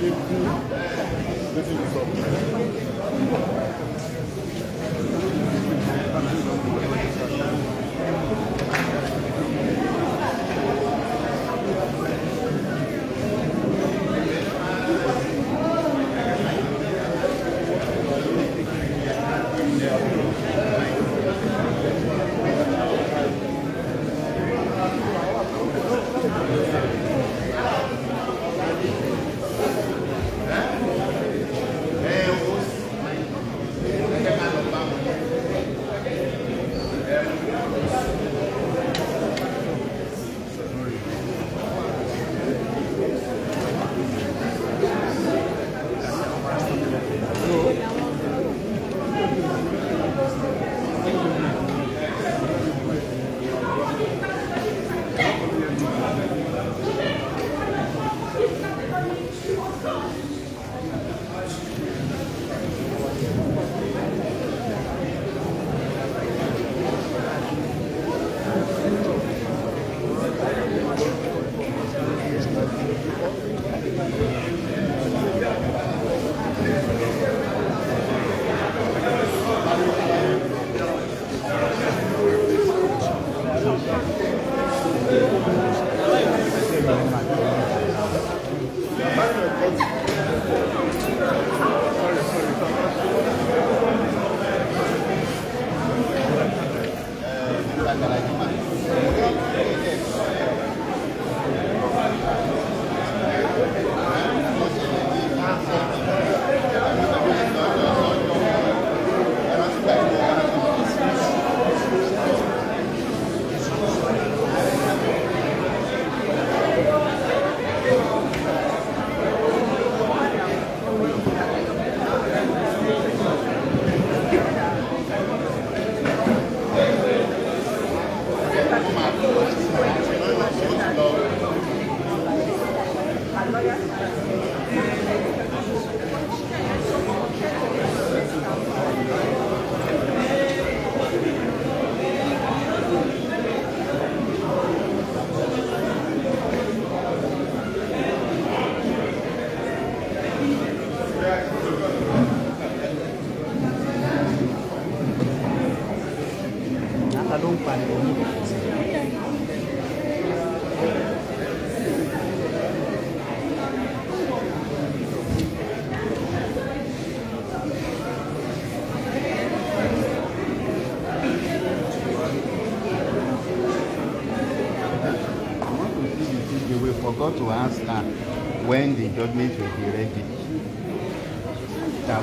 This the you.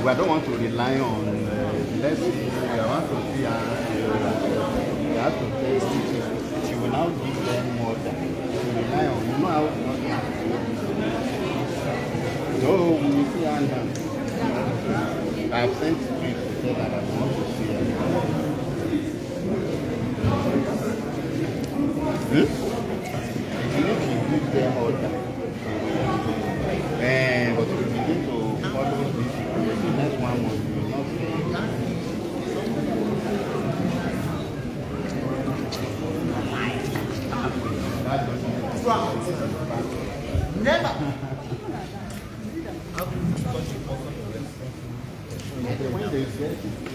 we don't want to rely on, uh, let's say, we want to see our, uh, we have to taste it. She will now give them more than to rely on. You know how to So we see our now. I've sent people to say that I want to see her. Hmm? You need give them order. Never. When they get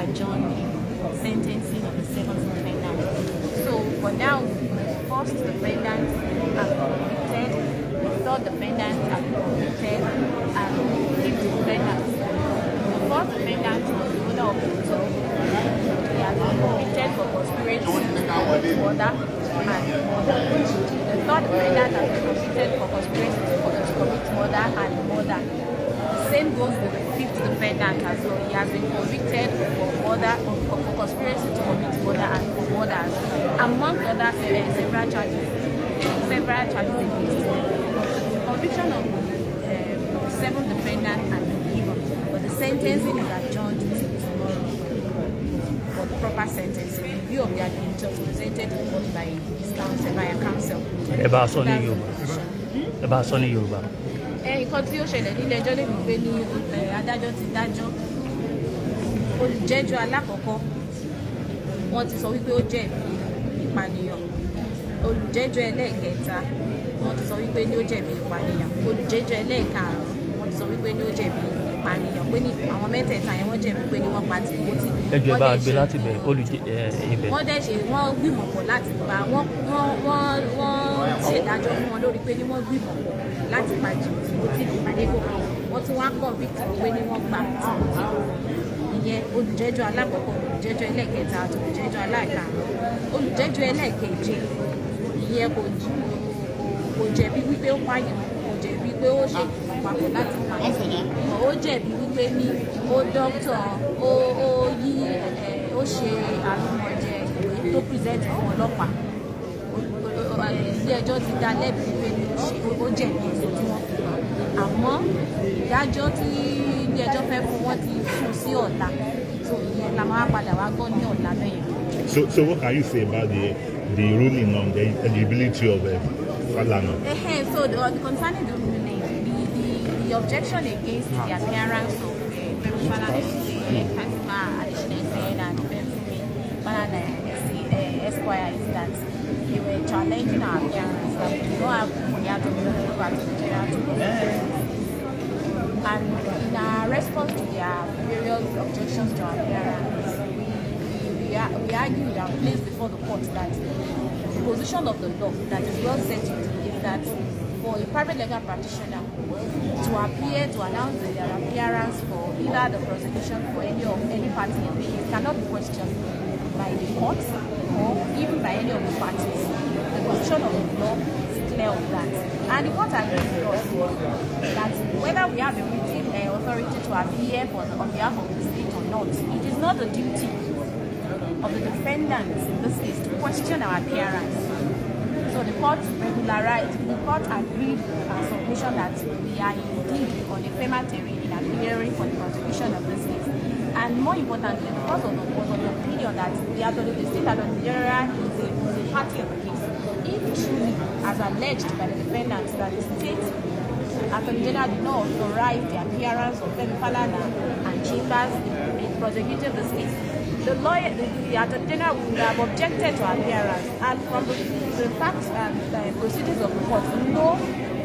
adjourned sentencing of the second defendant. So for now, the first defendant are convicted, the third defendant are convicted, and fifth defendant. The first defendant was the owner of the top. He has been convicted for conspiracy to order and the third defendant has been convicted for conspiracy to commit murder and murder. The same goes with defendant as well. He has been convicted for murder, for, for conspiracy to commit murder and for murders, Among other uh, several charges, several charges against him. Conviction of uh, seven defendants has been given, but the sentencing is adjourned to tomorrow for the proper sentencing in view of the admission presented to court by his counsel, by a counsel. Ẹ bá a sọ ní Yorùbá nǹkan tí ó ṣẹlẹ̀ nílé ẹjọ́ lè mú pé ní adájọ́ ti dájọ́ olùjẹ́jọ́ alákọ̀ọ́kọ́ wọ́n ti sọ wípé ó jẹ̀bi ìpànìyàn olùjẹ́jọ́ ẹlẹ́ẹ̀kẹta wọ́n ti sọ wípé ní ó jẹ̀bi ìpànìyàn olùjẹ́jọ́ ẹlẹ́ẹ̀karùn-ún wọ́n ti sọ wípé ní ó jẹ̀bi ìpànìyàn pànìyàn pé ní àwọn mẹ́tẹ̀ẹ̀ta yẹn wọ́n jẹ̀bi pé ní wọ́n pa Timothy. ẹjọ́ ẹ bá gbé láti bẹ olùjẹ ibẹ̀. wọ́n dẹ̀ ṣe wọ́n gbìmọ̀ pọ̀ láti pa wọ́n wọ́n wọ́n ṣèdájọ́ fún wọn lórí pé ní wọ́n gbìmọ̀ pọ̀ láti pa Timothy Adégòkè wọ́n tún wá convict pé ní wọ́n pa Timothy ìyẹn olùjẹ́jọ́ alákọ̀ọ́kọ́ olùjẹ́jọ́ ẹlẹ́kẹta àti olùjẹ́jọ́ aláàkàrún olùjẹ́jọ́ ẹlẹ́keje ìyẹn kò jẹ̀bi wípé ó pààyàn pé ó ṣe papọ̀ láti máa ṣe ó jẹ̀bi wípé ní ó dókítà ó ó yí ó ṣe àlùmọ̀jẹ tó present fún ọlọ́pàá ilé ẹjọ́ ti dá lẹ́bi wípé ní ó jẹ̀bi ẹ̀sùn tí wọ́n fi hàn àmọ́ ìdájọ́ tí ilé ẹjọ́ fẹ́ fún wọn ti fún sí ọ̀la so ìyẹn la máa padà wá gbọ́ ní ọ̀la lẹ́yìn. So, so what can you say about the the ruling on the eligibility of uh, Falana? Uh, so the, uh, concerning the ruling the objection against the appearance of uh, Fela Adesina, Fatima Adesina, and Femi Balana Esquire is that they were challenging our appearance that we do not have the And in response to their various objections to our appearance, we, argue are, we argued and placed before the court that the position of the law that is well set is that for a private legal practitioner to appear to announce their appearance for either the prosecution for any of any party in the case cannot be questioned by the court or even by any of the parties. The position of the law is clear on that. And the court agrees with us that whether we have the written uh, authority to appear for the, on behalf of the state or not, it is not the duty of the defendants in this case to question our appearance. So the court regularized, the court agreed and submission that we are indeed on a firmer terrain in appearing for the prosecution of this case. And more importantly, the court was of the opinion that the, attorney, the state attorney general is a, is a party of the case. If truly, as alleged by the defendants, that the state attorney general did not authorize the appearance of Ben Falana and Chambers in prosecuting this case, the lawyer, the, the dinner would um, have objected to appearance, and from the, the facts um, and the proceedings of the court, no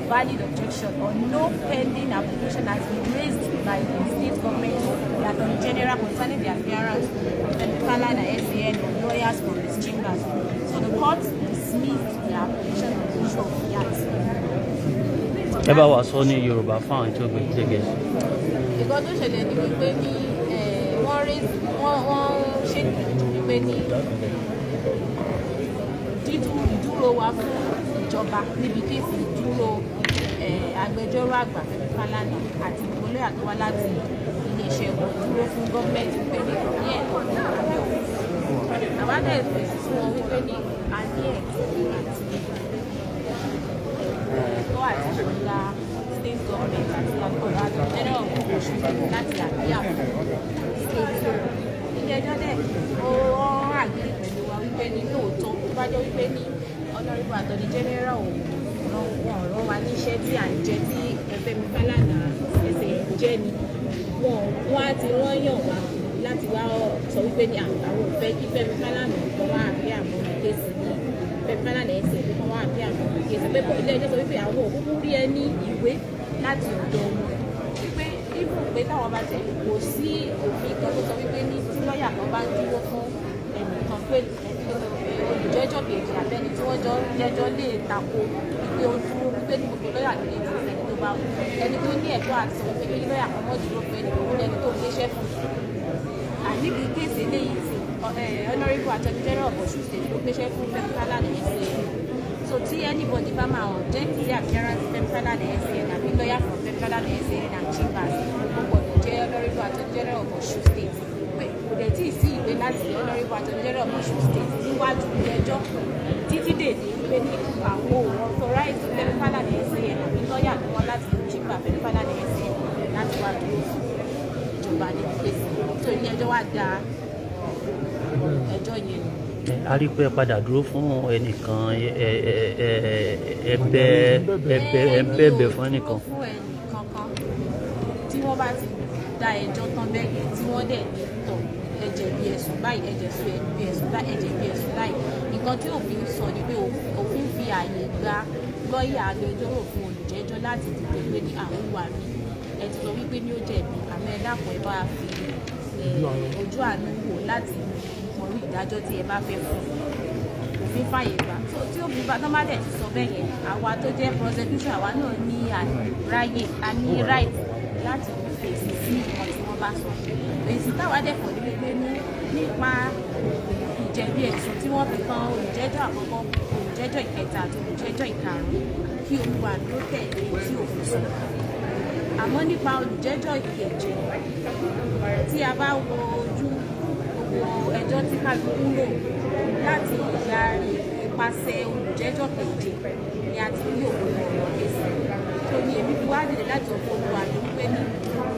valid objection or no pending application has been raised by the state government the attorney general concerning the appearance of the Kalan and SAN or lawyers from these chambers. So the court dismissed the application of the issue of yàtì. ẹ bá wa sọ ní Yorùbá fáwọn tí ó gbé jẹgẹ. ìkan tó ṣẹlẹ̀ ni ṣe ìpè ní ìdúró wa fún ìjọba níbi kéèsì ìdúró agbẹjọ́rò àgbà Fálànà àti ìpínlẹ̀ àtọwá láti iléeṣẹ́ wọn dúró fún gọ́ọ̀mẹ̀ntì pé ní ní ẹ̀kọ́ ní àbẹ̀ òfin àwa náà fèsì fún wọn wípé ní a ní ẹ̀kọ́ àti ẹ̀kọ́ àti ìlà state government àti àgbọ̀dọ̀ àti general commission láti àbí àbọ̀ ilé ẹjọ́ dẹ̀ jẹ́ wípé ní ọ̀nàrìbù àtọ̀dí jẹ́nẹ́rà wọn ọ̀rọ̀ wa níṣẹ́ tí à ń jẹ tí ẹgbẹ́ mi fálànà ẹsẹ̀ jẹ́ ni wọn wọn á ti wọ́n yàn wá láti wá sọ wípé ní àwọn òfẹ́ kí Fẹ́mi Fálànà kan wá àbí àwọn kéésì ní Fẹ́mi Fálànà ẹsẹ̀ kan wá àbí àwọn kéésì pé ilé ẹjọ́ sọ wípé àwọn òkúkú rí ẹ ní ìwé láti ọ̀dọ̀ wọn wípé ibùgbé táwọn bá tẹ̀ kò sí òfin kan tó sọ wípé ní tí lọ́ọ̀yà ẹnìkan pé olùjẹ́jọ́ kejì abẹ́ni tí wọ́n jọ jẹ́jọ́ lè tako ìpè ojúmọ́ pípé ní gbogbo lọ́yà tó lè dúró ẹni tó bá wù ẹni tó ní ẹ̀tọ́ àti sọ pé kí lọ́yà kan mọ́ dúró fún ẹni tó wù ẹni tó gbéṣẹ́ fún àní kì í kéèsì eléyìí sí honourable attorney general of Osun State ló gbéṣẹ́ fún fẹ́mítálà ní SCN so tí anybody bá máa object sí appearance fẹ́mítálà ní SCN àbí lọ́yà kan fẹ́mítálà ní SCN and chivas ó gbọ́dọ̀ jẹ́ honourable attorney general of Osun State tí ì sí ìwé láti honourable attorney of Osun state níwájú ilé ẹjọ́ títí dèdè pé ní àwọn òun authorize Fẹ́mi Fálànà SAN àbí lọ́ọ̀yà ni wọ́n láti chief of Fẹ́mi Fálànà SAN láti wá dúró fún ìjọba ní kéésì tó ilé ẹjọ́ wá da ẹjọ́ yẹn nù a rí pé padà dúró fún ẹnìkan ẹbẹ ẹbẹ ẹbẹ fún ẹnìkan. tí wọ́n bá ti da ẹjọ́ tán bẹ́ẹ̀ tí wọ́n dẹ̀ ní tọ̀ ẹ̀jẹ̀ bí ẹ̀sùn báyìí ẹ̀jẹ̀ sí bí ẹ̀sùn báyìí ẹ̀jẹ̀ bí ẹ̀sùn báyìí nǹkan tí òfin sọ ni pé òfin fi ààyè gba lọ́ọ̀yà agbẹjọ́rò fún olùjẹ́jọ́ láti dìde pé ní àwọn wà mí ẹ ti sọ wípé ní ó jẹ̀bi àmọ́ ẹ dàpọ̀ ẹ bá fi ojú àánú wò láti mọ̀rú ìdájọ́ tí ẹ bá fẹ́ fún òfin fààyè gbà tí ó bùbá tó má dẹ̀ ti sọ bẹ́ẹ̀ yẹn àwa tó jẹ́ prosecution àwa náà ní ráyè a ní right láti fèsì sí ìkan tí wọ́n bá sọ èsì táwa dẹ̀ pọ̀ ní gbé ní nípa ìjẹ̀bi ẹ̀sùn tí wọ́n fi kan olùjẹ́jọ́ àkọ́kọ́ olùjẹ́jọ́ ìkẹta àti olùjẹ́jọ́ ìkarùn kí olúwa ló tẹ̀lé e tí òfin sọ àmọ́ nípa olùjẹ́jọ́ ìkejì tí a bá wo ojú gbogbo ẹjọ́ tí kálukú lò láti ìgbà ìpasẹ̀ olùjẹ́jọ́ keje ni a ti rí òkú ọ̀rọ̀ kẹsì tó ní èmi fi wá nílẹ̀ láti ọ̀pọ̀ olùwà ló ń pẹ́ ní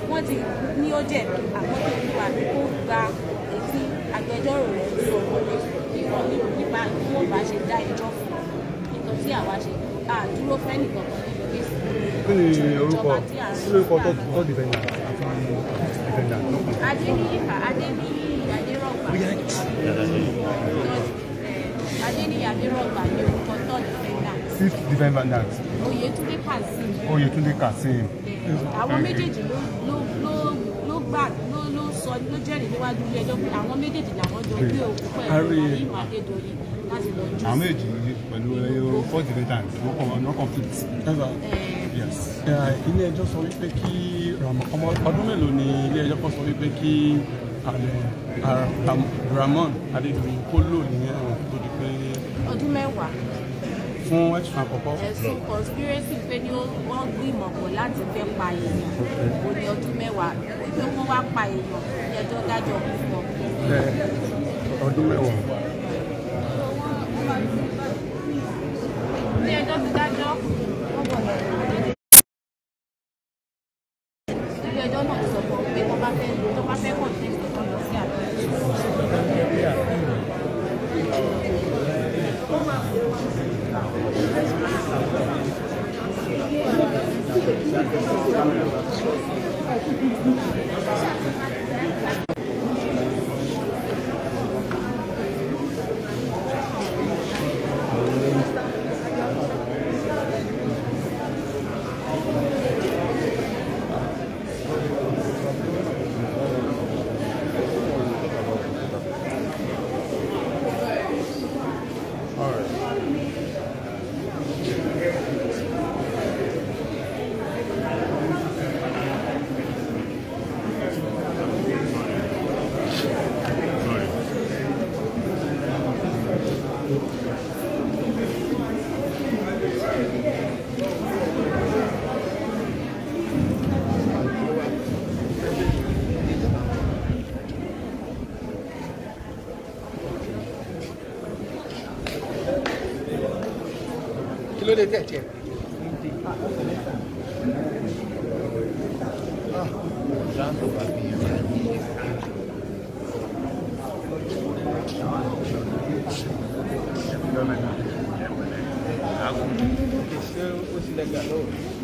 wọ́n ti ní ó jẹ̀bi àmọ́ tó olùwà ló kó gba etí agbẹjọ́rò rẹ̀ sọ wọlé nípa nípa bí wọ́n bá ṣe dá ẹjọ́ fún nǹkan tí àwa ṣe àdúró fẹ́nì kankan nínú kéèsì. kí ni orúkọ kí ló kọ tó dìbẹ̀yìn àti ìfẹ̀dà. adéníyí adéníyí adérọ̀gbà adéníyí adérọ̀gbà ni orúkọ tó dìbẹ̀yìn. fifth defendant. Oyètúndé Kazeem. Oyètúndé Kazeem. àwọn méjèèjì ló gbà ló sọ ló jẹ́rìí níwájú ilé ẹjọ́ pé àwọn méjèèjì làwọn jọ gbé òkú pẹ̀lú ìwà adédọ̀yìn láti lọ jù. àwọn méjì pẹ̀lú ẹyọ forty returns no conflict. ilé ẹjọ́ sọ wípé kí ọdún mélòó ni ilé ẹjọ́ kan sọ wípé kí eh, Ramon Adédoyin kó lò ní ẹ̀wọ̀n tó di pé. ọdún mẹ́wàá fún ẹ̀sùn àkọ́kọ́. ẹ̀sùn conspiracy pé ní wọ́n gbìmọ̀ pọ̀ láti fẹ́ pa èèyàn ó ní ọdún mẹ́wàá pé wọ́n wá pa èèyàn ní ẹjọ́ dájọ́ kú ọdún mẹ́wàá. ní ẹjọ́ ti dájọ́. kí ló dé tẹ̀ tiẹ̀. Ah. Thank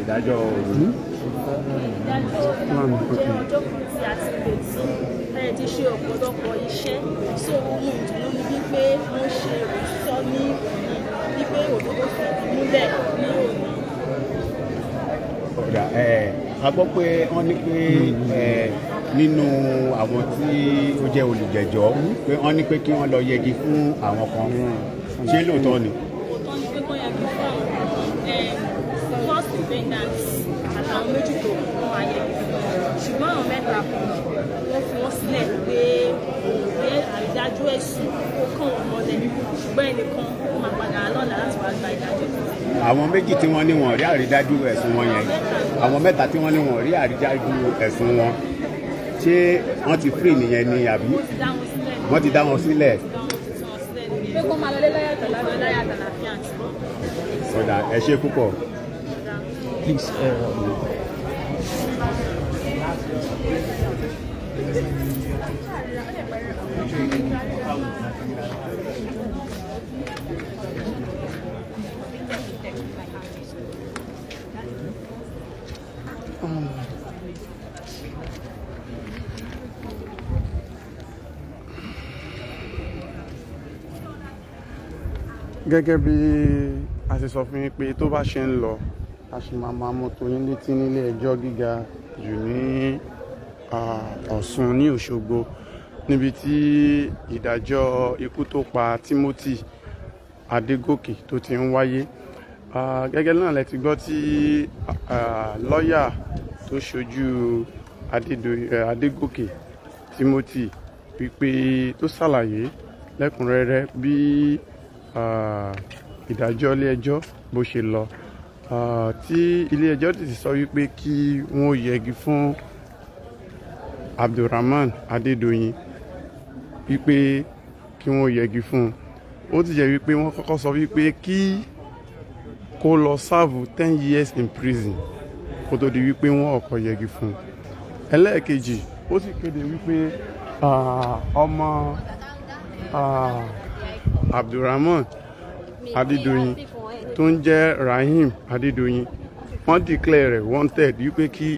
ìdájọ́ òun. ìdájọ́ òun jẹ́ ọjọ́ kan tí a ti lè tí ẹ ti ṣe ọ̀pọ̀lọpọ̀ iṣẹ́ sí ohun ìdùnnú ni wípé mo ṣe òtítọ́ ní òní wípé òdodo fìdí múlẹ̀ ní òní. ọ̀dà a gbọ́ pé wọ́n ní pé nínú àwọn tí ó jẹ́ olùjẹ́jọ́ pé wọ́n ní pé kí wọ́n lọ yẹgi fún àwọn kan ṣé lóòótọ́ ni. Mm -hmm. ìdájọ́ ẹ̀sùn ó kàn wọ́n mọ́lẹ̀ ṣùgbọ́n ẹnìkan ó máa padà lọ́la láti wá gba ìdájọ́. àwọn méjì tí wọ́n ní wọn rí àrídájú ẹ̀sùn wọn yẹn àwọn mẹ́ta tí wọ́n ní wọn rí àrídájú ẹ̀sùn wọn ṣé wọ́n ti free nìyẹn ni àbí wọ́n ti dá wọn sílẹ̀. ọ̀dà ẹ ṣe púpọ̀. please. Uh, gẹ́gẹ́ bí a ṣe sọ fún yín pé tó bá ṣe ń lọ a ṣe máa máa mọ́tò yín létí nílé ẹjọ́ gíga jù ní Ọ̀ṣun ní Òṣogbo níbi tí ìdájọ́ ikú tó pa Timothy Adégòkè tó ti ń wáyé gẹ́gẹ́ náà lẹ ti gbọ́ tí lọ́ọ̀yà tó ṣojú Adégòkè Timothy wípé tó ṣàlàyé lẹ́kùnrẹ́rẹ́ bí ìdájọ́ ilé ẹjọ́ bó ṣe lọ tí ilé ti sọ wípé kí wọ́n yẹgi fún Abdulrahman Adédoyin wípé kí wọ́n yẹgi fún un ó ti jẹ́ wípé wọ́n kọ́kọ́ sọ wípé kí kó lọ sáàbù ten years in prison kó tó di wípé wọ́n ọkọ̀ yẹgi fún un ẹlẹ́ẹ̀kejì ó sì kéde wípé ọmọ Abdulrahman Adédoyin tó ń jẹ́ Rahim Adédoyin wọ́n declare rẹ̀ wanted wípé kí.